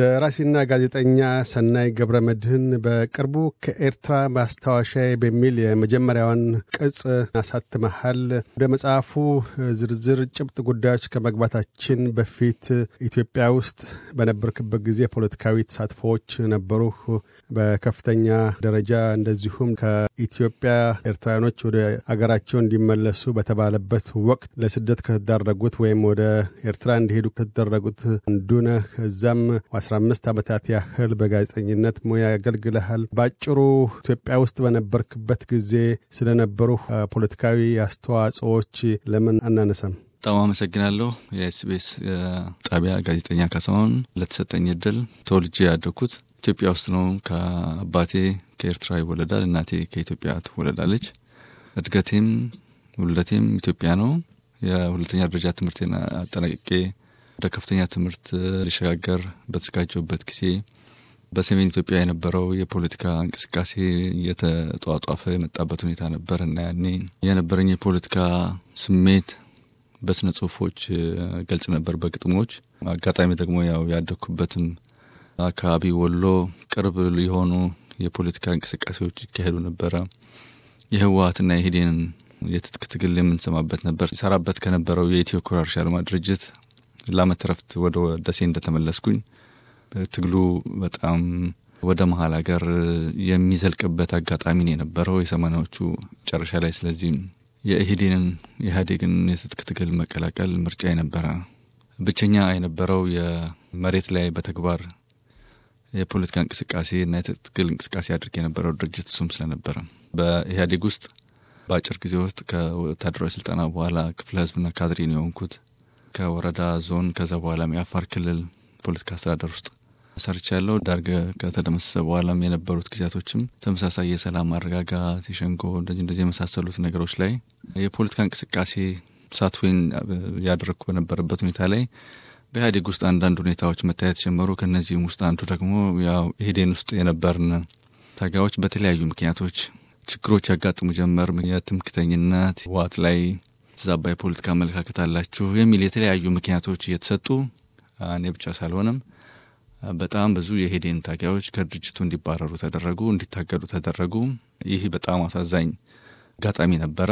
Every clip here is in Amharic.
ደራሲና ጋዜጠኛ ሰናይ ገብረ መድህን በቅርቡ ከኤርትራ ማስታወሻዬ በሚል የመጀመሪያውን ቅጽ አሳትመሃል። ወደ መጽሐፉ ዝርዝር ጭብጥ ጉዳዮች ከመግባታችን በፊት ኢትዮጵያ ውስጥ በነበርክበት ጊዜ ፖለቲካዊ ተሳትፎዎች ነበሩ በከፍተኛ ደረጃ እንደዚሁም ከኢትዮጵያ ኤርትራውያኖች ወደ አገራቸው እንዲመለሱ በተባለበት ወቅት ለስደት ከተዳረጉት ወይም ወደ ኤርትራ እንዲሄዱ ከተደረጉት እንዱነ እዛም 15 ዓመታት ያህል በጋዜጠኝነት ሙያ ያገልግልሃል። ባጭሩ ኢትዮጵያ ውስጥ በነበርክበት ጊዜ ስለነበሩ ፖለቲካዊ አስተዋጽኦዎች ለምን አናነሳም? በጣም አመሰግናለሁ። የኤስቢኤስ ጣቢያ ጋዜጠኛ ካሳሁን ለተሰጠኝ እድል። ተወልጄ ያደግኩት ኢትዮጵያ ውስጥ ነው። ከአባቴ ከኤርትራ ይወለዳል፣ እናቴ ከኢትዮጵያ ትወለዳለች። እድገቴም ውለቴም ኢትዮጵያ ነው። የሁለተኛ ደረጃ ትምህርቴን አጠናቅቄ ወደ ከፍተኛ ትምህርት ሊሸጋገር በተዘጋጀበት ጊዜ በሰሜን ኢትዮጵያ የነበረው የፖለቲካ እንቅስቃሴ እየተጧጧፈ የመጣበት ሁኔታ ነበር እና ያኔ የነበረኝ የፖለቲካ ስሜት በስነ ጽሁፎች ገልጽ ነበር፣ በግጥሞች። አጋጣሚ ደግሞ ያው ያደግኩበትም አካባቢ ወሎ ቅርብ የሆኑ የፖለቲካ እንቅስቃሴዎች ይካሄዱ ነበረ። የህወሀትና የሄዴንን የትጥቅ ትግል የምንሰማበት ነበር። ሰራበት ከነበረው የኢትዮ ኩራርሻ ልማ ድርጅት ለአመት ረፍት ወደ ደሴ እንደተመለስኩኝ ትግሉ በጣም ወደ መሀል ሀገር የሚዘልቅበት አጋጣሚ ነው የነበረው የሰማናዎቹ ጨረሻ ላይ። ስለዚህ የኢህዴንን የኢህአዴግን የትጥቅ ትግል መቀላቀል ምርጫ የነበረ ብቸኛ የነበረው የመሬት ላይ በተግባር የፖለቲካ እንቅስቃሴ እና የትጥቅ እንቅስቃሴ አድርግ የነበረው ድርጅት እሱም ስለነበረ በኢህአዴግ ውስጥ በአጭር ጊዜ ውስጥ ከወታደራዊ ስልጠና በኋላ ክፍለ ህዝብና ካድሬ ነው የሆንኩት። ከወረዳ ዞን፣ ከዛ በኋላም የአፋር ክልል ፖለቲካ አስተዳደር ውስጥ ሰርቻ ያለው ዳርገ ከተደመሰሰ በኋላም የነበሩት ጊዜያቶችም ተመሳሳይ የሰላም ማረጋጋት፣ የሸንጎ እንደዚህ እንደዚህ የመሳሰሉት ነገሮች ላይ የፖለቲካ እንቅስቃሴ ተሳትፎን ያደረግኩ በነበረበት ሁኔታ ላይ በኢህአዴግ ውስጥ አንዳንድ ሁኔታዎች መታየት ጀመሩ። ከእነዚህም ውስጥ አንዱ ደግሞ ያው ኢህዴን ውስጥ የነበርን ታጋዮች በተለያዩ ምክንያቶች ችግሮች ያጋጥሙ ጀመር። የትምክተኝነት ዋት ላይ የተዛባ የፖለቲካ አመለካከት አላችሁ የሚል የተለያዩ ምክንያቶች እየተሰጡ እኔ ብቻ ሳልሆንም በጣም ብዙ የሄዴን ታጋዮች ከድርጅቱ እንዲባረሩ ተደረጉ፣ እንዲታገዱ ተደረጉ። ይህ በጣም አሳዛኝ አጋጣሚ ነበረ።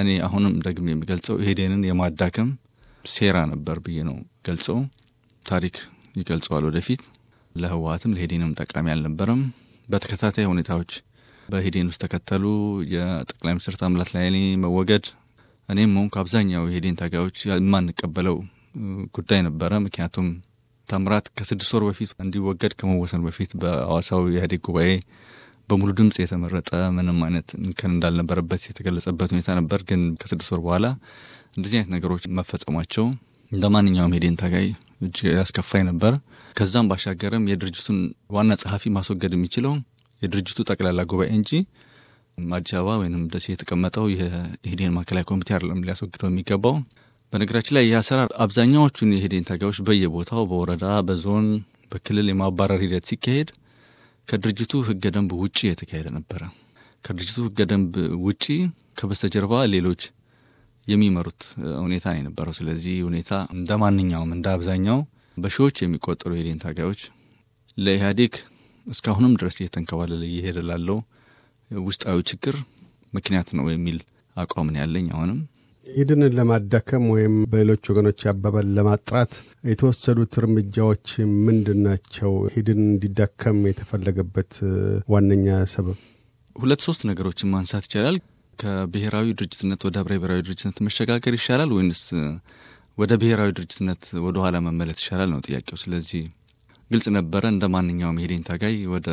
እኔ አሁንም ደግሜ የሚገልጸው ሄዴንን የማዳከም ሴራ ነበር ብዬ ነው ገልጸው። ታሪክ ይገልጸዋል ወደፊት። ለህወሀትም ለሄዴንም ጠቃሚ አልነበረም። በተከታታይ ሁኔታዎች በሄዴን ውስጥ ተከተሉ። የጠቅላይ ሚኒስትር ታምራት ላይኔ መወገድ እኔም ሆንኩ አብዛኛው የሄዴን ታጋዮች የማንቀበለው ጉዳይ ነበረ። ምክንያቱም ተምራት ከስድስት ወር በፊት እንዲወገድ ከመወሰን በፊት በአዋሳው የኢህአዴግ ጉባኤ በሙሉ ድምፅ የተመረጠ ምንም አይነት እንከን እንዳልነበረበት የተገለጸበት ሁኔታ ነበር። ግን ከስድስት ወር በኋላ እንደዚህ አይነት ነገሮች መፈጸማቸው እንደ ማንኛውም ሄዴን ታጋይ እጅግ ያስከፋኝ ነበር። ከዛም ባሻገርም የድርጅቱን ዋና ጸሐፊ ማስወገድ የሚችለው የድርጅቱ ጠቅላላ ጉባኤ እንጂ አዲስ አበባ ወይም ደሴ የተቀመጠው የኢህዴን ማዕከላዊ ኮሚቴ አይደለም ሊያስወግደው የሚገባው። በነገራችን ላይ ይህ አሰራር አብዛኛዎቹን የኢህዴን ታጋዮች በየቦታው በወረዳ፣ በዞን፣ በክልል የማባረር ሂደት ሲካሄድ ከድርጅቱ ህገ ደንብ ውጪ የተካሄደ ነበረ። ከድርጅቱ ህገ ደንብ ውጪ ከበስተጀርባ ሌሎች የሚመሩት ሁኔታ ነው የነበረው። ስለዚህ ሁኔታ እንደ ማንኛውም እንደ አብዛኛው በሺዎች የሚቆጠሩ የኢህዴን ታጋዮች ለኢህአዴግ እስካሁንም ድረስ እየተንከባለለ እየሄደ ላለው ውስጣዊ ችግር ምክንያት ነው የሚል አቋምን ያለኝ አሁንም ኢድንን ለማዳከም ወይም በሌሎች ወገኖች አባባል ለማጥራት የተወሰዱት እርምጃዎች ምንድን ናቸው? ኢድን እንዲዳከም የተፈለገበት ዋነኛ ሰበብ ሁለት ሶስት ነገሮችን ማንሳት ይቻላል። ከብሔራዊ ድርጅትነት ወደ ህብረ ብሔራዊ ድርጅትነት መሸጋገር ይሻላል ወይንስ ወደ ብሔራዊ ድርጅትነት ወደኋላ መመለት ይሻላል ነው ጥያቄው። ስለዚህ ግልጽ ነበረ። እንደ ማንኛውም የሄዴን ታጋይ ወደ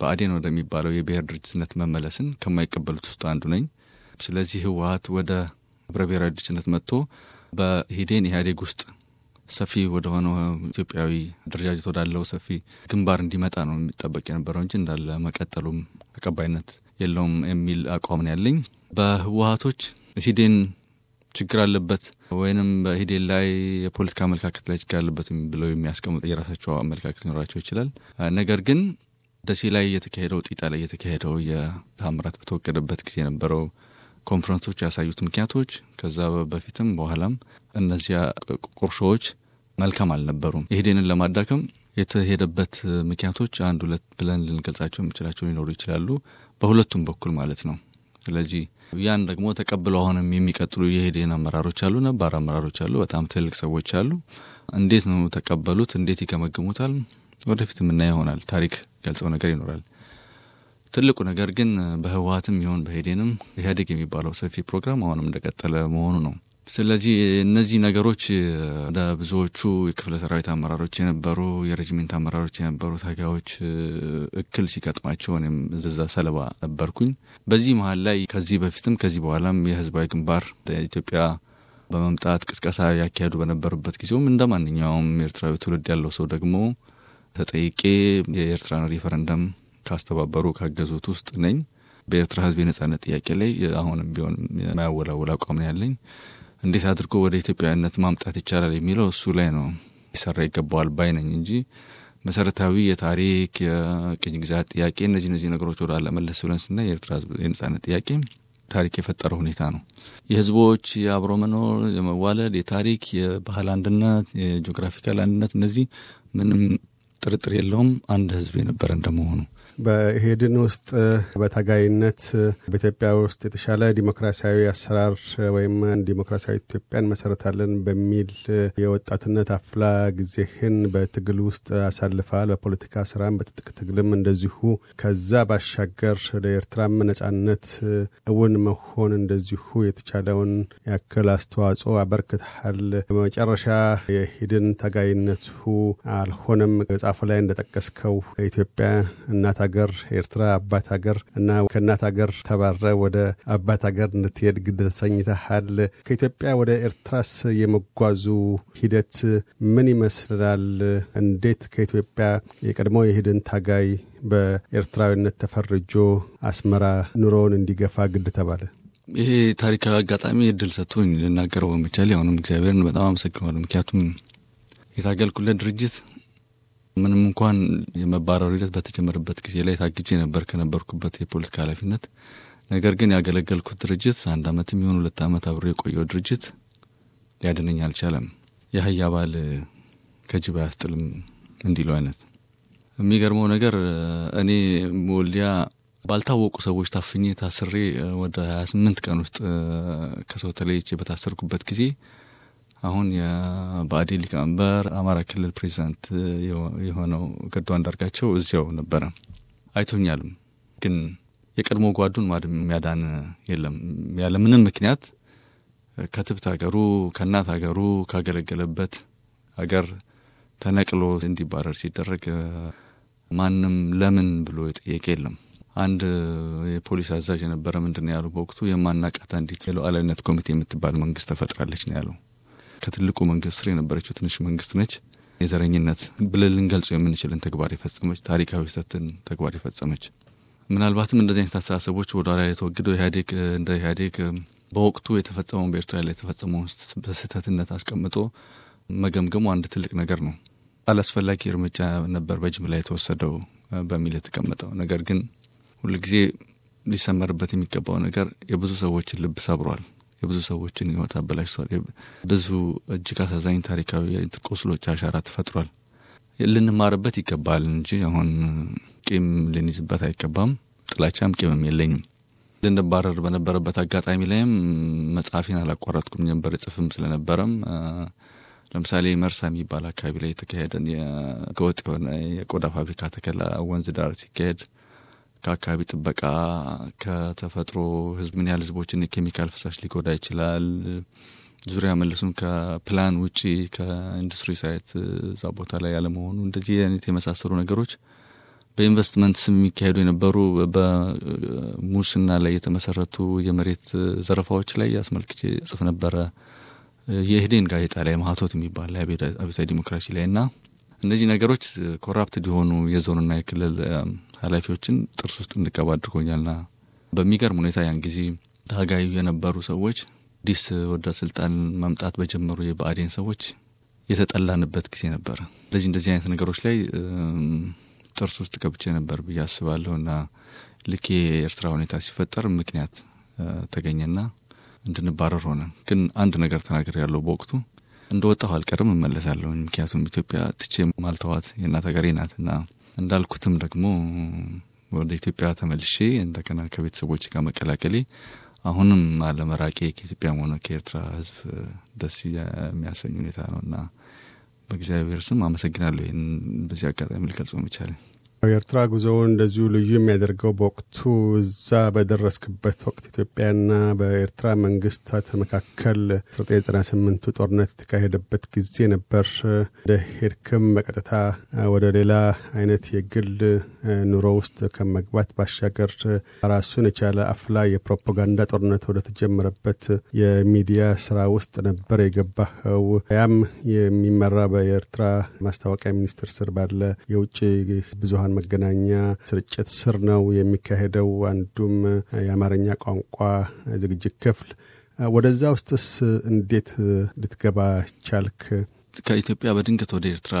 በአዴን ወደሚባለው የብሔር ድርጅትነት መመለስን ከማይቀበሉት ውስጥ አንዱ ነኝ። ስለዚህ ህወሀት ወደ ህብረ ብሔራዊ ድርጅትነት መጥቶ በሂዴን ኢህአዴግ ውስጥ ሰፊ ወደሆነው ኢትዮጵያዊ አደረጃጀት ወዳለው ሰፊ ግንባር እንዲመጣ ነው የሚጠበቅ የነበረው እንጂ እንዳለ መቀጠሉም ተቀባይነት የለውም የሚል አቋም ነው ያለኝ። በህወሀቶች ሂዴን ችግር አለበት ወይንም በሂደት ላይ የፖለቲካ አመለካከት ላይ ችግር አለበት ብለው የሚያስቀምጡ የራሳቸው አመለካከት ሊኖራቸው ይችላል። ነገር ግን ደሴ ላይ የተካሄደው ጢጣ ላይ የተካሄደው የታምራት በተወገደበት ጊዜ የነበረው ኮንፈረንሶች ያሳዩት ምክንያቶች ከዛ በፊትም በኋላም እነዚያ ቁርሾዎች መልካም አልነበሩም። የሂዴንን ለማዳከም የተሄደበት ምክንያቶች አንድ ሁለት ብለን ልንገልጻቸው የምንችላቸው ሊኖሩ ይችላሉ፣ በሁለቱም በኩል ማለት ነው። ስለዚህ ያን ደግሞ ተቀብሎ አሁንም የሚቀጥሉ የሄዴን አመራሮች አሉ፣ ነባር አመራሮች አሉ፣ በጣም ትልቅ ሰዎች አሉ። እንዴት ነው ተቀበሉት? እንዴት ይገመግሙታል? ወደፊት የምናየው ይሆናል። ታሪክ ገልጸው ነገር ይኖራል። ትልቁ ነገር ግን በህወሀትም ይሆን በሄዴንም ኢህአዴግ የሚባለው ሰፊ ፕሮግራም አሁንም እንደቀጠለ መሆኑ ነው። ስለዚህ እነዚህ ነገሮች ለብዙዎቹ የክፍለ ሰራዊት አመራሮች የነበሩ የረጅሜንት አመራሮች የነበሩ ታጋዮች እክል ሲገጥማቸው እኔም እዛ ሰለባ ነበርኩኝ። በዚህ መሀል ላይ ከዚህ በፊትም ከዚህ በኋላም የህዝባዊ ግንባር ኢትዮጵያ በመምጣት ቅስቀሳ ያካሄዱ በነበሩበት ጊዜውም እንደ ማንኛውም ኤርትራዊ ትውልድ ያለው ሰው ደግሞ ተጠይቄ የኤርትራን ሪፈረንደም ካስተባበሩ ካገዙት ውስጥ ነኝ። በኤርትራ ህዝብ የነጻነት ጥያቄ ላይ አሁንም ቢሆን የማያወላውል አቋም ነው ያለኝ። እንዴት አድርጎ ወደ ኢትዮጵያዊነት ማምጣት ይቻላል የሚለው እሱ ላይ ነው ሊሰራ ይገባዋል ባይ ነኝ እንጂ መሰረታዊ የታሪክ የቅኝ ግዛት ጥያቄ እነዚህ እነዚህ ነገሮች ወደ አለመለስ ብለን ስና የኤርትራ የነጻነት ጥያቄ ታሪክ የፈጠረ ሁኔታ ነው። የህዝቦች የአብሮ መኖር፣ የመዋለድ፣ የታሪክ፣ የባህል አንድነት፣ የጂኦግራፊካል አንድነት እነዚህ ምንም ጥርጥር የለውም አንድ ህዝብ የነበረ እንደመሆኑ በሄድን ውስጥ በታጋይነት በኢትዮጵያ ውስጥ የተሻለ ዲሞክራሲያዊ አሰራር ወይም ዲሞክራሲያዊ ኢትዮጵያን መሰረታለን በሚል የወጣትነት አፍላ ጊዜህን በትግል ውስጥ አሳልፈሃል። በፖለቲካ ስራም በትጥቅ ትግልም እንደዚሁ። ከዛ ባሻገር ለኤርትራም ነጻነት እውን መሆን እንደዚሁ የተቻለውን ያክል አስተዋጽኦ አበርክተሃል። በመጨረሻ የሄድን ታጋይነቱ አልሆነም። ጻፉ ላይ እንደጠቀስከው ኢትዮጵያ እናት ሀገር ኤርትራ አባት ሀገር እና ከእናት ሀገር ተባረ ወደ አባት ሀገር እንድትሄድ ግድ ተሰኝተሃል። ከኢትዮጵያ ወደ ኤርትራስ የመጓዙ ሂደት ምን ይመስላል? እንዴት ከኢትዮጵያ የቀድሞ የሂድን ታጋይ በኤርትራዊነት ተፈርጆ አስመራ ኑሮውን እንዲገፋ ግድ ተባለ? ይሄ ታሪካዊ አጋጣሚ እድል ሰጥቶኝ ልናገረው በመቻል አሁንም እግዚአብሔርን በጣም አመሰግናለሁ። ምክንያቱም የታገልኩለት ድርጅት ምንም እንኳን የመባረሩ ሂደት በተጀመረበት ጊዜ ላይ ታግጄ ነበር ከነበርኩበት የፖለቲካ ኃላፊነት። ነገር ግን ያገለገልኩት ድርጅት አንድ አመት የሚሆን ሁለት ዓመት አብሮ የቆየው ድርጅት ሊያድነኝ አልቻለም። የአህያ ባል ከጅብ አያስጥልም እንዲለው አይነት የሚገርመው ነገር እኔ ወልዲያ ባልታወቁ ሰዎች ታፍኜ ታስሬ ወደ 28 ቀን ውስጥ ከሰው ተለይቼ በታሰርኩበት ጊዜ አሁን የባዴ ሊቀመንበር አማራ ክልል ፕሬዚዳንት የሆነው ገዱ አንዳርጋቸው እዚያው ነበረ። አይቶኛልም። ግን የቀድሞ ጓዱን የሚያዳን የለም። ምንም ምክንያት ከትብት ሀገሩ ከእናት ሀገሩ ካገለገለበት ሀገር ተነቅሎ እንዲባረር ሲደረግ ማንም ለምን ብሎ የጠየቀ የለም። አንድ የፖሊስ አዛዥ የነበረ ምንድን ነው ያሉ በወቅቱ የማናቃት አንዲት የሉዓላዊነት ኮሚቴ የምትባል መንግስት ተፈጥራለች ነው ያለው። ከትልቁ መንግስት ስር የነበረችው ትንሽ መንግስት ነች። የዘረኝነት ብለን ልንገልጸው የምንችልን ተግባር የፈጸመች ታሪካዊ ስህተትን ተግባር የፈጸመች ምናልባትም እንደዚህ አይነት አስተሳሰቦች ወደ ኋላ የተወግደው ኢህአዴግ እንደ ኢህአዴግ በወቅቱ የተፈጸመውን በኤርትራ ላይ የተፈጸመውን በስህተትነት አስቀምጦ መገምገሙ አንድ ትልቅ ነገር ነው። አላስፈላጊ እርምጃ ነበር በጅምላ የተወሰደው በሚል የተቀመጠው ነገር ግን ሁልጊዜ ሊሰመርበት የሚገባው ነገር የብዙ ሰዎችን ልብ ሰብሯል። የብዙ ሰዎችን ህይወት አበላሽቷል። ብዙ እጅግ አሳዛኝ ታሪካዊ ቁስሎች አሻራ ተፈጥሯል። ልንማርበት ይገባል እንጂ አሁን ቂም ልንይዝበት አይገባም። ጥላቻም ቂምም የለኝም። ልንባረር በነበረበት አጋጣሚ ላይም መጽሐፊን አላቋረጥኩም ነበር። ጽፍም ስለነበረም ለምሳሌ መርሳ የሚባል አካባቢ ላይ የተካሄደን ወጥ የሆነ የቆዳ ፋብሪካ ተከላ ወንዝ ዳር ሲካሄድ ከአካባቢ ጥበቃ፣ ከተፈጥሮ ህዝብ ምን ያህል ህዝቦችን የኬሚካል ፍሳሽ ሊጎዳ ይችላል ዙሪያ መልሱም ከፕላን ውጪ ከኢንዱስትሪ ሳይት እዛ ቦታ ላይ ያለመሆኑ እንደዚህ አይነት የመሳሰሉ ነገሮች በኢንቨስትመንት ስም የሚካሄዱ የነበሩ በሙስና ላይ የተመሰረቱ የመሬት ዘረፋዎች ላይ አስመልክቼ ጽፍ ነበረ የህዴን ጋዜጣ ላይ ማህቶት የሚባል ላይ አብዮታዊ ዲሞክራሲ ላይ እና እነዚህ ነገሮች ኮራፕት የሆኑ የዞንና የክልል ኃላፊዎችን ጥርስ ውስጥ እንድቀባ አድርጎኛልና በሚገርም ሁኔታ ያን ጊዜ ታጋዩ የነበሩ ሰዎች አዲስ ወደ ስልጣን መምጣት በጀመሩ የብአዴን ሰዎች የተጠላንበት ጊዜ ነበር። ስለዚህ እንደዚህ አይነት ነገሮች ላይ ጥርስ ውስጥ ገብቼ ነበር ብዬ አስባለሁ እና ልክ የኤርትራ ሁኔታ ሲፈጠር ምክንያት ተገኘና እንድንባረር ሆነ። ግን አንድ ነገር ተናገር ያለው በወቅቱ እንደወጣሁ አልቀርም እመለሳለሁ። ምክንያቱም ኢትዮጵያ ትቼ ማልተዋት የእናት ሀገሬ ናትና እንዳልኩትም ደግሞ ወደ ኢትዮጵያ ተመልሼ እንደገና ከቤተሰቦች ጋር መቀላቀሌ አሁንም አለመራቄ ከኢትዮጵያ ሆነ ከኤርትራ ሕዝብ ደስ የሚያሰኝ ሁኔታ ነው እና በእግዚአብሔር ስም አመሰግናለሁ። ይህን በዚህ አጋጣሚ ልገልጾ ይቻለን። የኤርትራ ጉዞውን እንደዚሁ ልዩ የሚያደርገው በወቅቱ እዛ በደረስክበት ወቅት ኢትዮጵያና በኤርትራ መንግስታት መካከል 1998ቱ ጦርነት የተካሄደበት ጊዜ ነበር። እንደ ሄድክም በቀጥታ ወደ ሌላ አይነት የግል ኑሮ ውስጥ ከመግባት ባሻገር ራሱን የቻለ አፍላ የፕሮፓጋንዳ ጦርነት ወደ ተጀመረበት የሚዲያ ስራ ውስጥ ነበር የገባኸው። ያም የሚመራ በኤርትራ ማስታወቂያ ሚኒስቴር ስር ባለ የውጭ ብዙሀን ብዙሃን መገናኛ ስርጭት ስር ነው የሚካሄደው። አንዱም የአማርኛ ቋንቋ ዝግጅት ክፍል ወደዛ ውስጥስ እንዴት ልትገባ ቻልክ? ከኢትዮጵያ በድንገት ወደ ኤርትራ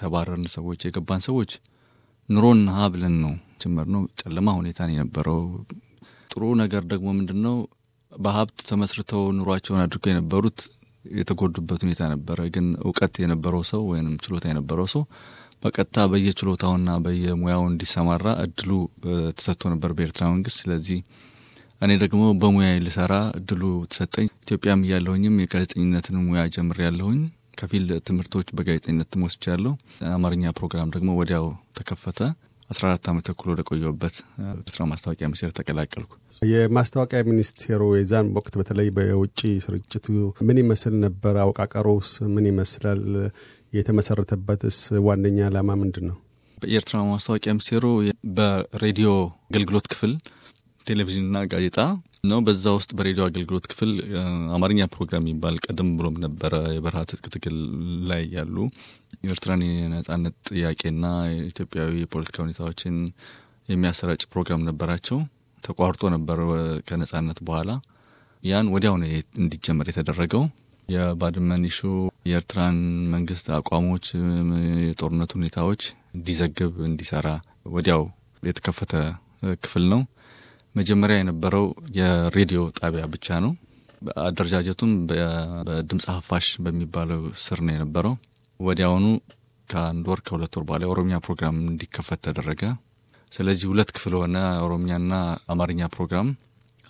ተባረርን ሰዎች የገባን ሰዎች ኑሮን ሀ ብለን ነው ጭምር ነው። ጨለማ ሁኔታ የነበረው። ጥሩ ነገር ደግሞ ምንድን ነው በሀብት ተመስርተው ኑሯቸውን አድርገው የነበሩት የተጎዱበት ሁኔታ ነበረ። ግን እውቀት የነበረው ሰው ወይም ችሎታ የነበረው ሰው በቀጥታ በየችሎታውና በየሙያው እንዲሰማራ እድሉ ተሰጥቶ ነበር በኤርትራ መንግስት። ስለዚህ እኔ ደግሞ በሙያ ልሰራ እድሉ ተሰጠኝ። ኢትዮጵያም እያለሁኝም የጋዜጠኝነትን ሙያ ጀምር ያለሁኝ ከፊል ትምህርቶች በጋዜጠኝነት ወስጃለሁ። አማርኛ ፕሮግራም ደግሞ ወዲያው ተከፈተ። 14 ዓመት ተኩል ወደ ቆየሁበት ኤርትራ ማስታወቂያ ሚኒስቴር ተቀላቀልኩ። የማስታወቂያ ሚኒስቴሩ የዛን ወቅት በተለይ በውጭ ስርጭቱ ምን ይመስል ነበር? አወቃቀሩስ ምን ይመስላል? የተመሰረተበትስ ዋነኛ ዓላማ ምንድን ነው? በኤርትራ ማስታወቂያ ሚኒስቴሩ በሬዲዮ አገልግሎት ክፍል ቴሌቪዥንና ጋዜጣ ነው። በዛ ውስጥ በሬዲዮ አገልግሎት ክፍል አማርኛ ፕሮግራም የሚባል ቀደም ብሎም ነበረ። የበረሃ ትጥቅ ትግል ላይ ያሉ የኤርትራን የነጻነት ጥያቄና ኢትዮጵያዊ የፖለቲካ ሁኔታዎችን የሚያሰራጭ ፕሮግራም ነበራቸው። ተቋርጦ ነበር ከነጻነት በኋላ። ያን ወዲያው ነው እንዲጀመር የተደረገው። የባድመን ኢሹ የኤርትራን መንግስት አቋሞች፣ የጦርነት ሁኔታዎች እንዲዘግብ እንዲሰራ ወዲያው የተከፈተ ክፍል ነው። መጀመሪያ የነበረው የሬዲዮ ጣቢያ ብቻ ነው። አደረጃጀቱም በድምፅ ሀፋሽ በሚባለው ስር ነው የነበረው። ወዲያውኑ ከአንድ ወር ከሁለት ወር በኋላ የኦሮምኛ ፕሮግራም እንዲከፈት ተደረገ። ስለዚህ ሁለት ክፍል ሆነ፣ ኦሮምኛና አማርኛ ፕሮግራም።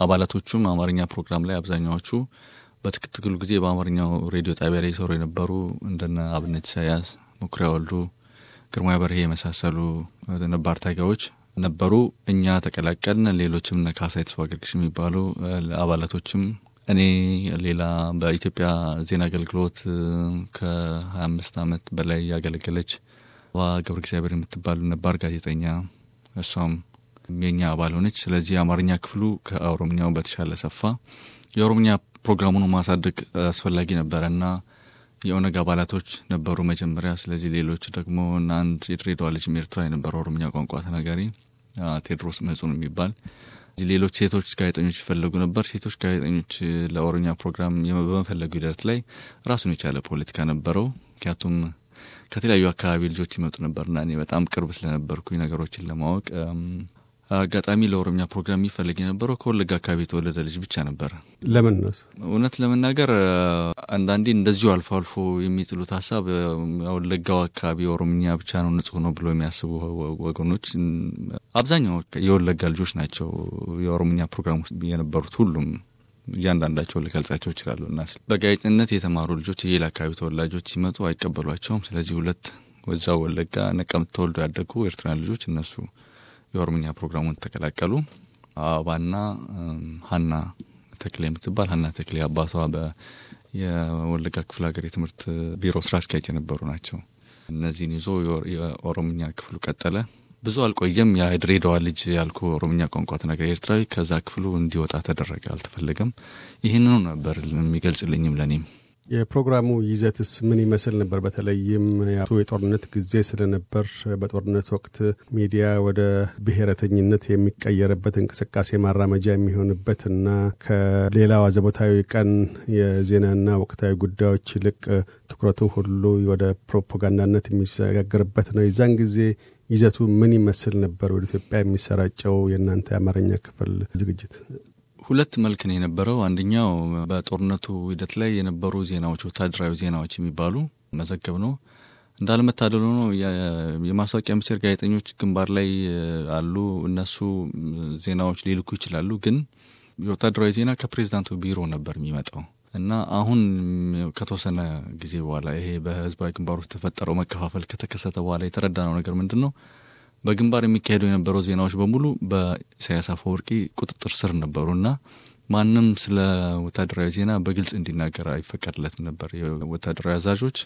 አባላቶቹም አማርኛ ፕሮግራም ላይ አብዛኛዎቹ በትክትክሉ ጊዜ በአማርኛው ሬዲዮ ጣቢያ ላይ ሰሩ የነበሩ እንደነ አብነት ኢሳያስ፣ መኩሪያ ወልዱ፣ ግርማ በርሄ የመሳሰሉ ነባር ታጋዮች ነበሩ። እኛ ተቀላቀልን። ሌሎችም እነ ካሳ ግርግሽ የሚባሉ አባላቶችም እኔ ሌላ በኢትዮጵያ ዜና አገልግሎት ከሀያ አምስት ዓመት በላይ ያገለገለች ዋ ገብረ እግዚአብሔር የምትባል ነባር ጋዜጠኛ እሷም የኛ አባል ሆነች። ስለዚህ የአማርኛ ክፍሉ ከኦሮምኛው በተሻለ ሰፋ። የኦሮምኛ ፕሮግራሙን ማሳደግ አስፈላጊ ነበረ እና የኦነግ አባላቶች ነበሩ መጀመሪያ። ስለዚህ ሌሎች ደግሞ እና አንድ የድሬዳዋ ልጅ ኤርትራ የነበረ ኦሮምኛ ቋንቋ ተናጋሪ ቴድሮስ መጹን የሚባል ሌሎች ሴቶች ጋዜጠኞች ይፈለጉ ነበር። ሴቶች ጋዜጠኞች ለኦሮምኛ ፕሮግራም በመፈለጉ ሂደት ላይ ራሱን የቻለ ፖለቲካ ነበረው። ምክንያቱም ከተለያዩ አካባቢ ልጆች ይመጡ ነበርና እኔ በጣም ቅርብ ስለነበርኩኝ ነገሮችን ለማወቅ አጋጣሚ ለኦሮምኛ ፕሮግራም የሚፈለግ የነበረው ከወለጋ አካባቢ የተወለደ ልጅ ብቻ ነበር። ለምን ነው እውነት ለመናገር አንዳንዴ እንደዚሁ አልፎ አልፎ የሚጥሉት ሀሳብ ወለጋው አካባቢ ኦሮምኛ ብቻ ነው ንጹህ ነው ብሎ የሚያስቡ ወገኖች አብዛኛው የወለጋ ልጆች ናቸው የኦሮምኛ ፕሮግራም ውስጥ የነበሩት ሁሉም እያንዳንዳቸው ልገልጻቸው ይችላሉ እና በጋዜጠኝነት የተማሩ ልጆች የሌላ አካባቢ ተወላጆች ሲመጡ አይቀበሏቸውም። ስለዚህ ሁለት ወዛው ወለጋ ነቀምት ተወልዶ ያደጉ ኤርትራን ልጆች እነሱ የኦሮምኛ ፕሮግራሙን ተቀላቀሉ። አበባና ሀና ተክሌ የምትባል ሀና ተክሌ አባቷ የወለጋ ክፍለ ሀገር የትምህርት ቢሮ ስራ አስኪያጅ የነበሩ ናቸው። እነዚህን ይዞ የኦሮምኛ ክፍሉ ቀጠለ። ብዙ አልቆየም። የድሬዳዋ ልጅ ያልኩ ኦሮምኛ ቋንቋ ተናጋሪ ኤርትራዊ ከዛ ክፍሉ እንዲወጣ ተደረገ። አልተፈለገም። ይህንኑ ነበር የሚገልጽልኝም ለእኔም የፕሮግራሙ ይዘትስ ምን ይመስል ነበር? በተለይም ያቱ የጦርነት ጊዜ ስለነበር በጦርነት ወቅት ሚዲያ ወደ ብሔረተኝነት የሚቀየርበት እንቅስቃሴ ማራመጃ የሚሆንበት እና ከሌላው አዘቦታዊ ቀን የዜናና ወቅታዊ ጉዳዮች ይልቅ ትኩረቱ ሁሉ ወደ ፕሮፓጋንዳነት የሚሸጋገርበት ነው። የዛን ጊዜ ይዘቱ ምን ይመስል ነበር? ወደ ኢትዮጵያ የሚሰራጨው የእናንተ የአማርኛ ክፍል ዝግጅት ሁለት መልክ ነው የነበረው። አንደኛው በጦርነቱ ሂደት ላይ የነበሩ ዜናዎች፣ ወታደራዊ ዜናዎች የሚባሉ መዘገብ ነው። እንዳለመታደሉ ነው የማስታወቂያ ሚኒስቴር ጋዜጠኞች ግንባር ላይ አሉ። እነሱ ዜናዎች ሊልኩ ይችላሉ። ግን የወታደራዊ ዜና ከፕሬዚዳንቱ ቢሮ ነበር የሚመጣው እና አሁን ከተወሰነ ጊዜ በኋላ ይሄ በህዝባዊ ግንባር ውስጥ ተፈጠረው መከፋፈል ከተከሰተ በኋላ የተረዳነው ነገር ምንድን ነው? በግንባር የሚካሄዱ የነበረው ዜናዎች በሙሉ በኢሳያስ አፈወርቂ ቁጥጥር ስር ነበሩ እና ማንም ስለ ወታደራዊ ዜና በግልጽ እንዲናገር አይፈቀድለትም ነበር። የወታደራዊ አዛዦች፣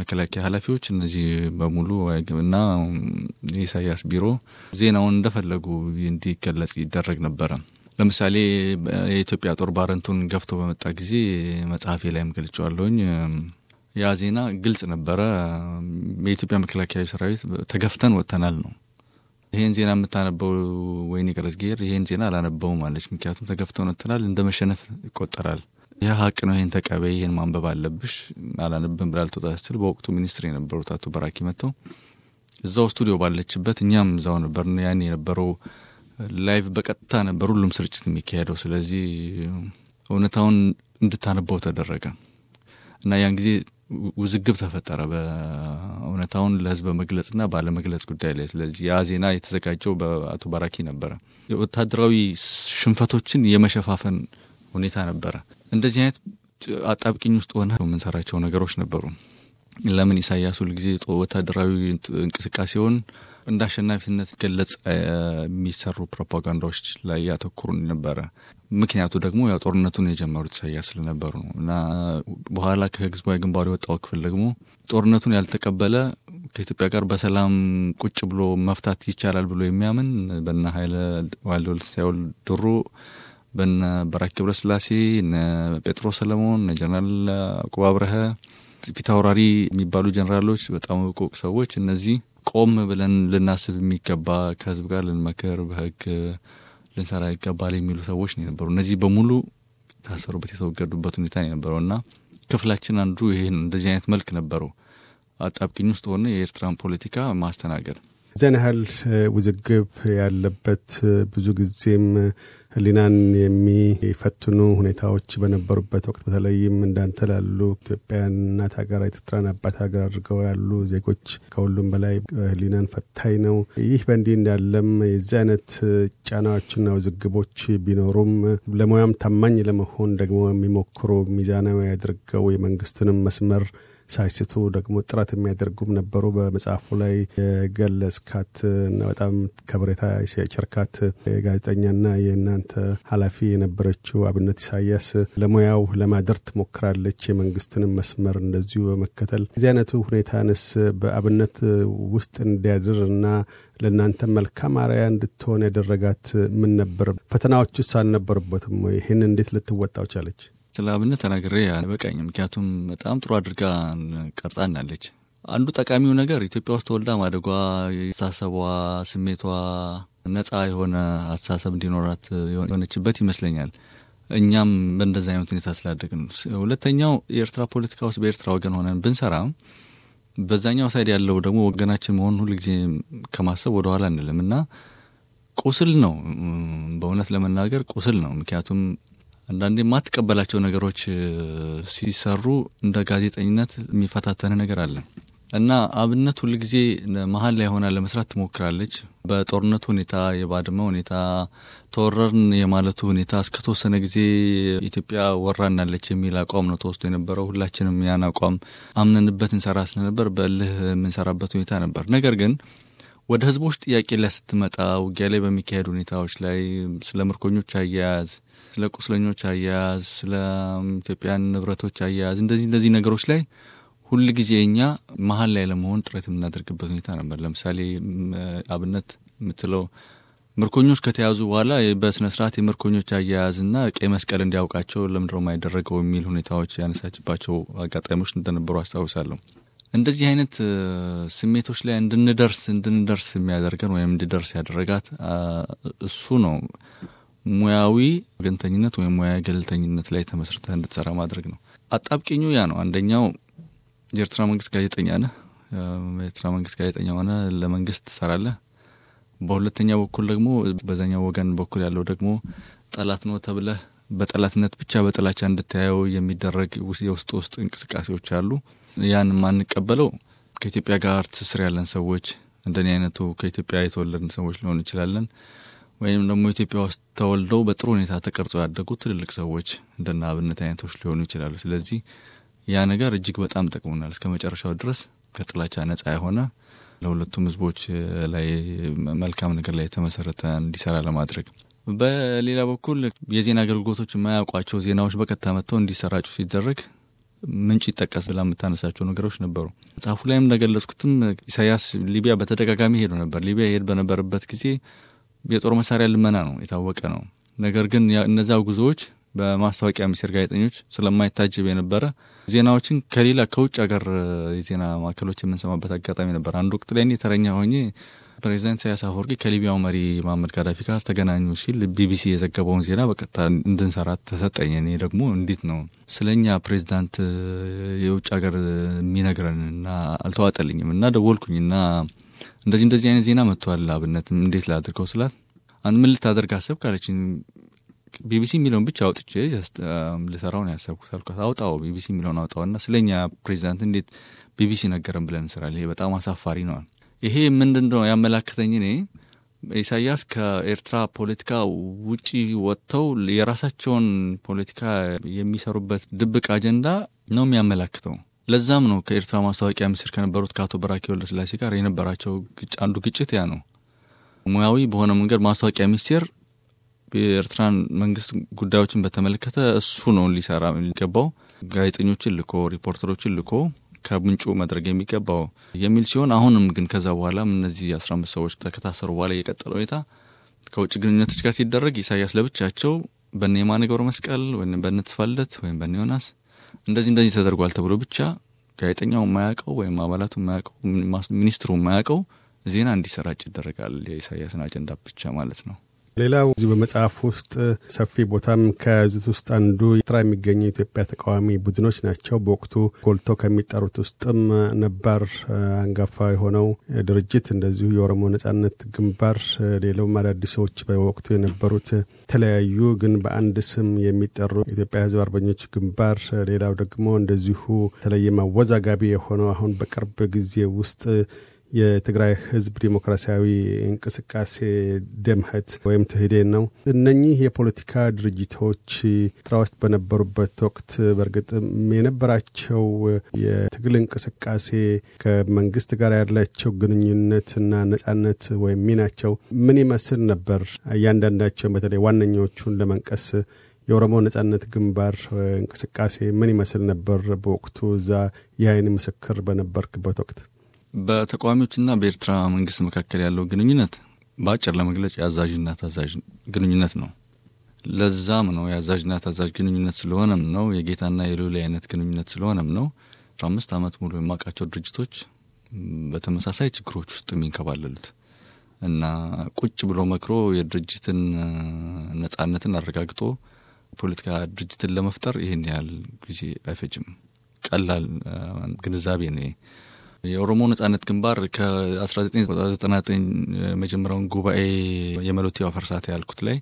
መከላከያ ኃላፊዎች፣ እነዚህ በሙሉ እና የኢሳያስ ቢሮ ዜናውን እንደፈለጉ እንዲገለጽ ይደረግ ነበረ። ለምሳሌ የኢትዮጵያ ጦር ባረንቱን ገፍቶ በመጣ ጊዜ መጽሐፌ ላይም ገልጬዋለሁኝ። ያ ዜና ግልጽ ነበረ። የኢትዮጵያ መከላከያ ሰራዊት ተገፍተን ወጥተናል ነው። ይሄን ዜና የምታነበው ወይኔ ቀረጽጌር ይሄን ዜና አላነበውም አለች። ምክንያቱም ተገፍተን ወጥተናል እንደ መሸነፍ ይቆጠራል። ይህ ሀቅ ነው። ይህን ተቀበይ፣ ይህን ማንበብ አለብሽ። አላነብም ብላ ልትወጣ ስትል በወቅቱ ሚኒስትር የነበሩት አቶ በራኪ መጥተው እዛው ስቱዲዮ ባለችበት እኛም እዛው ነበር። ያን የነበረው ላይቭ በቀጥታ ነበር ሁሉም ስርጭት የሚካሄደው። ስለዚህ እውነታውን እንድታነበው ተደረገ እና ያን ጊዜ ውዝግብ ተፈጠረ። በእውነታውን ለህዝብ በመግለጽና ባለመግለጽ ጉዳይ ላይ ስለዚህ ያ ዜና የተዘጋጀው በአቶ ባራኪ ነበረ። ወታደራዊ ሽንፈቶችን የመሸፋፈን ሁኔታ ነበረ። እንደዚህ አይነት አጣብቂኝ ውስጥ ሆነ የምንሰራቸው ነገሮች ነበሩ። ለምን ኢሳያስ ሁልጊዜ ወታደራዊ እንቅስቃሴውን እንደ አሸናፊነት ገለጽ የሚሰሩ ፕሮፓጋንዳዎች ላይ ያተኩሩ ነበረ። ምክንያቱ ደግሞ ያው ጦርነቱን የጀመሩት ኢሳያስ ስለነበሩ ነው እና በኋላ ከህዝባዊ ግንባር የወጣው ክፍል ደግሞ ጦርነቱን ያልተቀበለ ከኢትዮጵያ ጋር በሰላም ቁጭ ብሎ መፍታት ይቻላል ብሎ የሚያምን በነ ኃይለ ዋልወልድ ሲያውል ድሩ በነ በራኪ ብረስላሴ እነ ጴጥሮስ ሰለሞን እነ ጀነራል አቁባ ፊታውራሪ የሚባሉ ጀኔራሎች፣ በጣም እውቅ ሰዎች እነዚህ ቆም ብለን ልናስብ የሚገባ ከህዝብ ጋር ልንመክር በህግ ልንሰራ ይገባል የሚሉ ሰዎች ነው የነበሩ። እነዚህ በሙሉ ታሰሩበት የተወገዱበት ሁኔታ ነው የነበረው እና ክፍላችን አንዱ ይህን እንደዚህ አይነት መልክ ነበረው። አጣብቅኝ ውስጥ ሆነ የኤርትራን ፖለቲካ ማስተናገድ ዘን ያህል ውዝግብ ያለበት ብዙ ጊዜም ህሊናን የሚፈትኑ ሁኔታዎች በነበሩበት ወቅት በተለይም እንዳንተ ላሉ ኢትዮጵያን እናት ሀገር ኤርትራን አባት ሀገር አድርገው ያሉ ዜጎች ከሁሉም በላይ ህሊናን ፈታኝ ነው። ይህ በእንዲህ እንዳለም የዚህ አይነት ጫናዎችና ውዝግቦች ቢኖሩም ለሙያም ታማኝ ለመሆን ደግሞ የሚሞክሩ ሚዛናዊ ያድርገው የመንግስትንም መስመር ሳይስቱ ደግሞ ጥረት የሚያደርጉም ነበሩ። በመጽሐፉ ላይ የገለጽካት እና በጣም ከበሬታ የቸርካት ጋዜጠኛና የእናንተ ኃላፊ የነበረችው አብነት ኢሳያስ ለሙያው ለማደር ትሞክራለች። የመንግስትንም መስመር እንደዚሁ በመከተል እዚህ አይነቱ ሁኔታንስ በአብነት ውስጥ እንዲያድር እና ለእናንተ መልካም አርያ እንድትሆን ያደረጋት ምን ነበር? ፈተናዎችስ አልነበሩበትም? ይህን እንዴት ልትወጣው ቻለች? ስለ አብነት ተናግሬ አልበቃኝም። ምክንያቱም በጣም ጥሩ አድርጋ ቀርጻናለች። አንዱ ጠቃሚው ነገር ኢትዮጵያ ውስጥ ተወልዳ ማደጓ፣ አስተሳሰቧ፣ ስሜቷ ነፃ የሆነ አስተሳሰብ እንዲኖራት የሆነችበት ይመስለኛል። እኛም በእንደዚ አይነት ሁኔታ ስላደግን። ሁለተኛው የኤርትራ ፖለቲካ ውስጥ በኤርትራ ወገን ሆነን ብንሰራ በዛኛው ሳይድ ያለው ደግሞ ወገናችን መሆኑን ሁልጊዜ ከማሰብ ወደኋላ አንልም እና ቁስል ነው፣ በእውነት ለመናገር ቁስል ነው። ምክንያቱም አንዳንዴ የማትቀበላቸው ነገሮች ሲሰሩ እንደ ጋዜጠኝነት የሚፈታተን ነገር አለ እና አብነት ሁልጊዜ መሀል ላይ ሆና ለመስራት ትሞክራለች። በጦርነቱ ሁኔታ፣ የባድመ ሁኔታ፣ ተወረርን የማለቱ ሁኔታ እስከተወሰነ ጊዜ ኢትዮጵያ ወራናለች የሚል አቋም ነው ተወስዶ የነበረው። ሁላችንም ያን አቋም አምነንበት እንሰራ ስለነበር በእልህ የምንሰራበት ሁኔታ ነበር። ነገር ግን ወደ ህዝቦች ጥያቄ ላይ ስትመጣ ውጊያ ላይ በሚካሄዱ ሁኔታዎች ላይ ስለ ምርኮኞች አያያዝ ስለ ቁስለኞች አያያዝ፣ ስለ ኢትዮጵያን ንብረቶች አያያዝ እንደዚህ እንደዚህ ነገሮች ላይ ሁል ጊዜ እኛ መሀል ላይ ለመሆን ጥረት የምናደርግበት ሁኔታ ነበር። ለምሳሌ አብነት የምትለው ምርኮኞች ከተያዙ በኋላ በስነ ስርዓት የምርኮኞች አያያዝና ቀይ መስቀል እንዲያውቃቸው ለምድሮ የማይደረገው የሚል ሁኔታዎች ያነሳችባቸው አጋጣሚዎች እንደነበሩ አስታውሳለሁ። እንደዚህ አይነት ስሜቶች ላይ እንድንደርስ እንድንደርስ የሚያደርገን ወይም እንድደርስ ያደረጋት እሱ ነው። ሙያዊ ወገንተኝነት ወይም ሙያዊ ገለልተኝነት ላይ ተመስርተህ እንድትሰራ ማድረግ ነው። አጣብቂኙ ያ ነው። አንደኛው የኤርትራ መንግስት ጋዜጠኛ ነህ፣ የኤርትራ መንግስት ጋዜጠኛ ሆነ ለመንግስት ትሰራለህ። በሁለተኛ በኩል ደግሞ በዛኛው ወገን በኩል ያለው ደግሞ ጠላት ነው ተብለህ በጠላትነት ብቻ በጥላቻ እንድታየው የሚደረግ የውስጥ ውስጥ እንቅስቃሴዎች አሉ። ያን የማንቀበለው ከኢትዮጵያ ጋር ትስስር ያለን ሰዎች እንደኔ አይነቱ ከኢትዮጵያ የተወለድን ሰዎች ሊሆን እንችላለን ወይም ደግሞ ኢትዮጵያ ውስጥ ተወልደው በጥሩ ሁኔታ ተቀርጾ ያደጉ ትልልቅ ሰዎች እንደና አብነት አይነቶች ሊሆኑ ይችላሉ። ስለዚህ ያ ነገር እጅግ በጣም ጠቅሙናል እስከ መጨረሻው ድረስ ከጥላቻ ነጻ የሆነ ለሁለቱም ህዝቦች ላይ መልካም ነገር ላይ የተመሰረተ እንዲሰራ ለማድረግ በሌላ በኩል የዜና አገልግሎቶች የማያውቋቸው ዜናዎች በቀጥታ መጥተው እንዲሰራጩ ሲደረግ ምንጭ ይጠቀስ ብላ የምታነሳቸው ነገሮች ነበሩ። መጽሐፉ ላይም እንደገለጽኩትም ኢሳያስ ሊቢያ በተደጋጋሚ ሄዱ ነበር። ሊቢያ ሄድ በነበረበት ጊዜ የጦር መሳሪያ ልመና ነው፣ የታወቀ ነው። ነገር ግን እነዛ ጉዞዎች በማስታወቂያ ሚኒስቴር ጋዜጠኞች ስለማይታጀብ የነበረ ዜናዎችን ከሌላ ከውጭ ሀገር የዜና ማዕከሎች የምንሰማበት አጋጣሚ ነበር። አንድ ወቅት ላይ እኔ ተረኛ ሆኜ ፕሬዚዳንት ኢሳያስ አፈወርቂ ከሊቢያው መሪ መሐመድ ጋዳፊ ጋር ተገናኙ ሲል ቢቢሲ የዘገበውን ዜና በቀጥታ እንድንሰራ ተሰጠኝ። እኔ ደግሞ እንዴት ነው ስለኛ ፕሬዚዳንት የውጭ ሀገር የሚነግረን እና አልተዋጠልኝም እና ደወልኩኝ እና እንደዚህ እንደዚህ አይነት ዜና መጥቷል አብነትም እንዴት ላድርገው ስላት አንድ ምን ልታደርግ አሰብ ካለችን ቢቢሲ የሚለውን ብቻ አውጥቼ um, ልሰራውን ያሰብኩት አልኳት። አውጣው ቢቢሲ የሚለውን አውጣው እና ስለኛ ፕሬዚዳንት እንዴት ቢቢሲ ነገረን ብለን እንስራለን። ይሄ በጣም አሳፋሪ ነዋል። ይሄ ምንድንነው ያመላክተኝ እኔ ኢሳያስ ከኤርትራ ፖለቲካ ውጪ ወጥተው የራሳቸውን ፖለቲካ የሚሰሩበት ድብቅ አጀንዳ ነው የሚያመላክተው። ለዛም ነው ከኤርትራ ማስታወቂያ ሚኒስትር ከነበሩት ከአቶ በራኪ ወልደስላሴ ጋር የነበራቸው አንዱ ግጭት ያ ነው። ሙያዊ በሆነ መንገድ ማስታወቂያ ሚኒስቴር የኤርትራን መንግስት ጉዳዮችን በተመለከተ እሱ ነው ሊሰራ የሚገባው፣ ጋዜጠኞችን ልኮ ሪፖርተሮችን ልኮ ከምንጩ መድረግ የሚገባው የሚል ሲሆን አሁንም ግን ከዛ በኋላ እነዚህ አስራ አምስት ሰዎች ከታሰሩ በኋላ የቀጠለ ሁኔታ ከውጭ ግንኙነቶች ጋር ሲደረግ ኢሳያስ ለብቻቸው በነ የማነ መስቀል ወይም በነ ተስፋለት ወይም በነ ዮናስ እንደዚህ እንደዚህ ተደርጓል ተብሎ ብቻ ጋዜጠኛው የማያውቀው ወይም አባላቱ የማያውቀው ሚኒስትሩ የማያውቀው ዜና እንዲሰራጭ ይደረጋል። የኢሳያስን አጀንዳ ብቻ ማለት ነው። ሌላው እዚሁ በመጽሐፍ ውስጥ ሰፊ ቦታም ከያዙት ውስጥ አንዱ ኤርትራ የሚገኙ የኢትዮጵያ ተቃዋሚ ቡድኖች ናቸው። በወቅቱ ጎልቶ ከሚጠሩት ውስጥም ነባር አንጋፋ የሆነው ድርጅት እንደዚሁ የኦሮሞ ነጻነት ግንባር፣ ሌሎም አዳዲስ ሰዎች በወቅቱ የነበሩት የተለያዩ ግን በአንድ ስም የሚጠሩ ኢትዮጵያ ሕዝብ አርበኞች ግንባር፣ ሌላው ደግሞ እንደዚሁ የተለየ ማወዛጋቢ የሆነው አሁን በቅርብ ጊዜ ውስጥ የትግራይ ህዝብ ዲሞክራሲያዊ እንቅስቃሴ ደምህት ወይም ትህዴን ነው። እነኚህ የፖለቲካ ድርጅቶች ኤርትራ ውስጥ በነበሩበት ወቅት በእርግጥም የነበራቸው የትግል እንቅስቃሴ ከመንግስት ጋር ያላቸው ግንኙነትና ነጻነት ወይም ሚናቸው ምን ይመስል ነበር? እያንዳንዳቸውን በተለይ ዋነኛዎቹን ለመንቀስ የኦሮሞ ነጻነት ግንባር እንቅስቃሴ ምን ይመስል ነበር በወቅቱ እዛ የአይን ምስክር በነበርክበት ወቅት? በተቃዋሚዎችና በኤርትራ መንግስት መካከል ያለው ግንኙነት በአጭር ለመግለጽ የአዛዥና ታዛዥ ግንኙነት ነው። ለዛም ነው የአዛዥና ታዛዥ ግንኙነት ስለሆነም ነው የጌታና የሎሌ አይነት ግንኙነት ስለሆነም ነው አስራ አምስት ዓመት ሙሉ የማውቃቸው ድርጅቶች በተመሳሳይ ችግሮች ውስጥ የሚንከባለሉት እና ቁጭ ብሎ መክሮ የድርጅትን ነጻነትን አረጋግጦ ፖለቲካ ድርጅትን ለመፍጠር ይህን ያህል ጊዜ አይፈጅም። ቀላል ግንዛቤ ነው። የኦሮሞ ነጻነት ግንባር ከ1999 መጀመሪያውን ጉባኤ የመሎቲ አፈርሳት ያልኩት ላይ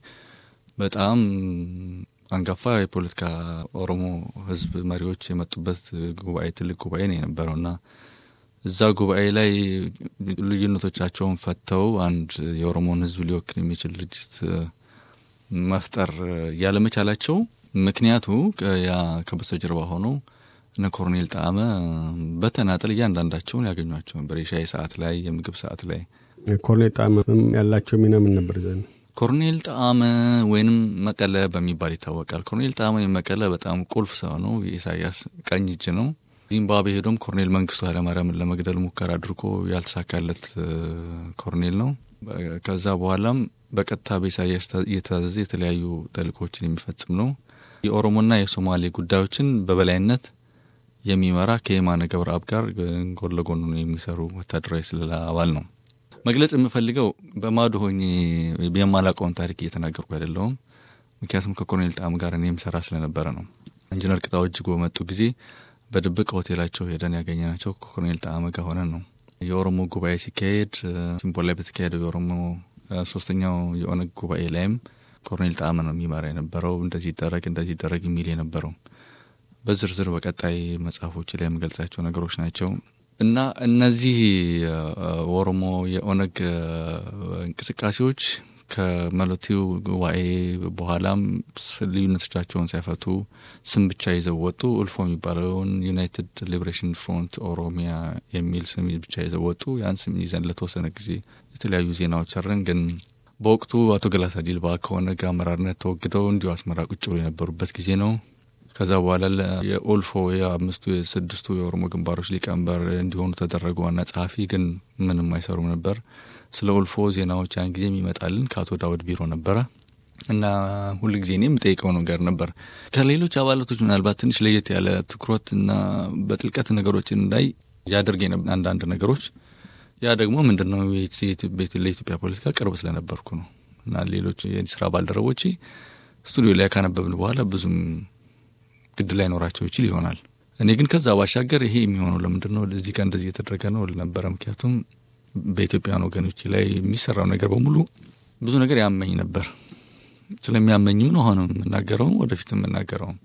በጣም አንጋፋ የፖለቲካ ኦሮሞ ህዝብ መሪዎች የመጡበት ጉባኤ ትልቅ ጉባኤ ነው የነበረው እና እዛ ጉባኤ ላይ ልዩነቶቻቸውን ፈተው አንድ የኦሮሞን ህዝብ ሊወክል የሚችል ድርጅት መፍጠር ያለመቻላቸው ምክንያቱ ከበስተጀርባ ሆነው እነ ኮርኔል ጣመ በተናጠል እያንዳንዳቸውን ያገኟቸው ነበር። የሻይ ሰዓት ላይ፣ የምግብ ሰዓት ላይ ኮርኔል ጣመ ያላቸው ሚና ምን ነበር? ዘን ኮርኔል ጣመ ወይንም መቀለ በሚባል ይታወቃል። ኮርኔል ጣመ የመቀለ በጣም ቁልፍ ሰው ነው። የኢሳያስ ቀኝ እጅ ነው። ዚምባብዌ ሄዶም ኮርኔል መንግስቱ ኃይለማርያምን ለመግደል ሙከራ አድርጎ ያልተሳካለት ኮርኔል ነው። ከዛ በኋላም በቀጥታ በኢሳያስ እየታዘዘ የተለያዩ ተልኮችን የሚፈጽም ነው። የኦሮሞና የሶማሌ ጉዳዮችን በበላይነት የሚመራ ከየማነ አብ ጋር ጎን ለጎን የሚሰሩ ወታደራዊ ስለላ አባል ነው። መግለጽ የምፈልገው በማዶ ሆኜ የማላውቀውን ታሪክ እየተናገርኩ አይደለውም። ምክንያቱም ከኮሎኔል ጣም ጋር እኔ የምሰራ ስለነበረ ነው። ኢንጂነር ቅጣው እጅጉ በመጡ ጊዜ በድብቅ ሆቴላቸው ሄደን ያገኘናቸው ከኮሎኔል ጣም ጋር ሆነን ነው። የኦሮሞ ጉባኤ ሲካሄድ ሲምቦ ላይ በተካሄደው የኦሮሞ ሶስተኛው የኦነግ ጉባኤ ላይም ኮሎኔል ጣም ነው የሚመራ የነበረው። እንደዚህ ይደረግ እንደዚህ ይደረግ የሚል የነበረው በዝርዝር በቀጣይ መጽሐፎች ላይ የምገልጻቸው ነገሮች ናቸው እና እነዚህ ኦሮሞ የኦነግ እንቅስቃሴዎች ከመለቴው ጉባኤ በኋላም ልዩነቶቻቸውን ሳይፈቱ ስም ብቻ ይዘው ወጡ። እልፎ የሚባለውን ዩናይትድ ሊብሬሽን ፍሮንት ኦሮሚያ የሚል ስም ብቻ ይዘው ወጡ። ያን ስም ይዘን ለተወሰነ ጊዜ የተለያዩ ዜናዎች አረን። ግን በወቅቱ አቶ ገላሳ ዲልባ ከኦነግ አመራርነት ተወግደው እንዲሁ አስመራ ቁጭ ብሎ የነበሩበት ጊዜ ነው። ከዛ በኋላ የኦልፎ የአምስቱ የስድስቱ የኦሮሞ ግንባሮች ሊቀመንበር እንዲሆኑ ተደረገ። ዋና ጸሐፊ ግን ምንም አይሰሩም ነበር። ስለ ኦልፎ ዜናዎች ያን ጊዜ የሚመጣልን ከአቶ ዳውድ ቢሮ ነበረ እና ሁልጊዜ እኔ የምጠይቀው ነገር ነበር። ከሌሎች አባላቶች ምናልባት ትንሽ ለየት ያለ ትኩረት እና በጥልቀት ነገሮችን እንዳይ ያደርግ አንዳንድ ነገሮች ያ ደግሞ ነው ለኢትዮጵያ ፖለቲካ ቅርብ ስለነበርኩ ነው እና ሌሎች የስራ ባልደረቦች ስቱዲዮ ላይ ካነበብን በኋላ ብዙም ግድ ላይኖራቸው ይችል ይሆናል። እኔ ግን ከዛ ባሻገር ይሄ የሚሆነው ለምንድን ነው እዚህ እንደዚህ የተደረገ ነው ልነበረ። ምክንያቱም በኢትዮጵያን ወገኖች ላይ የሚሰራው ነገር በሙሉ ብዙ ነገር ያመኝ ነበር። ስለሚያመኝም ነው አሁንም የምናገረውም ወደፊት የምናገረውም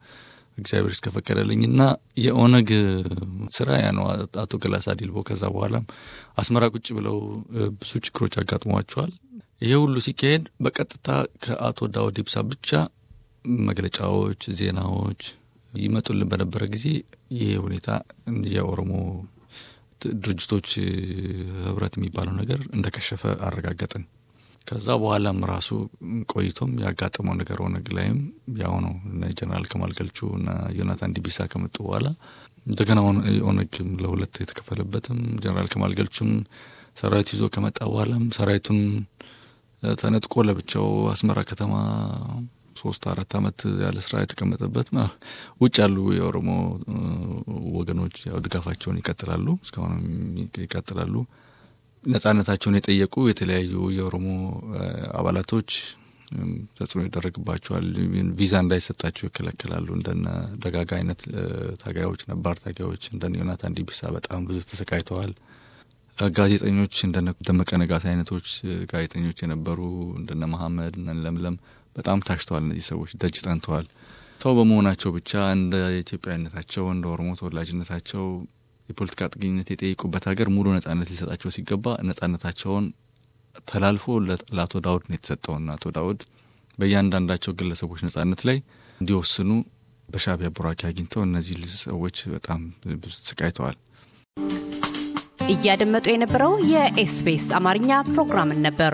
እግዚአብሔር እስከፈቀደልኝና የኦነግ ስራ ያ ነው። አቶ ገላሳ ዲልቦ ከዛ በኋላም አስመራ ቁጭ ብለው ብዙ ችግሮች አጋጥሟቸዋል። ይሄ ሁሉ ሲካሄድ በቀጥታ ከአቶ ዳውድ ብሳ ብቻ መግለጫዎች፣ ዜናዎች ይመጡልን በነበረ ጊዜ ይሄ ሁኔታ የኦሮሞ ድርጅቶች ህብረት የሚባለው ነገር እንደከሸፈ አረጋገጥን። ከዛ በኋላም ራሱ ቆይቶም ያጋጠመው ነገር ኦነግ ላይም ያው ነው። ጀነራል ከማል ገልቹ እና ዮናታን ዲቢሳ ከመጡ በኋላ እንደገና ኦነግ ለሁለት የተከፈለበትም ጀነራል ከማል ገልቹም ሰራዊት ይዞ ከመጣ በኋላም ሰራዊቱን ተነጥቆ ለብቻው አስመራ ከተማ ሶስት አራት ዓመት ያለ ስራ የተቀመጠበት ውጭ ያሉ የኦሮሞ ወገኖች ያው ድጋፋቸውን ይቀጥላሉ፣ እስካሁንም ይቀጥላሉ። ነጻነታቸውን የጠየቁ የተለያዩ የኦሮሞ አባላቶች ተጽዕኖ ይደረግባቸዋል። ቪዛ እንዳይሰጣቸው ይከለከላሉ። እንደነ ደጋጋ አይነት ታጋዮች፣ ነባር ታጋዮች እንደነ ዮናታን ዲቢሳ በጣም ብዙ ተሰቃይተዋል። ጋዜጠኞች እንደነ ደመቀ ነጋሳ አይነቶች ጋዜጠኞች የነበሩ እንደነ መሐመድ ለምለም በጣም ታሽተዋል። እነዚህ ሰዎች ደጅ ጠንተዋል። ሰው በመሆናቸው ብቻ እንደ ኢትዮጵያዊነታቸው እንደ ኦሮሞ ተወላጅነታቸው የፖለቲካ ጥገኝነት የጠየቁበት ሀገር ሙሉ ነጻነት ሊሰጣቸው ሲገባ ነጻነታቸውን ተላልፎ ለአቶ ዳውድ ነው የተሰጠውና አቶ ዳውድ በእያንዳንዳቸው ግለሰቦች ነጻነት ላይ እንዲወስኑ በሻቢያ ቡራኪ አግኝተው እነዚህ ሰዎች በጣም ብዙ ተሰቃይተዋል። እያደመጡ የነበረው የኤስቢኤስ አማርኛ ፕሮግራምን ነበር።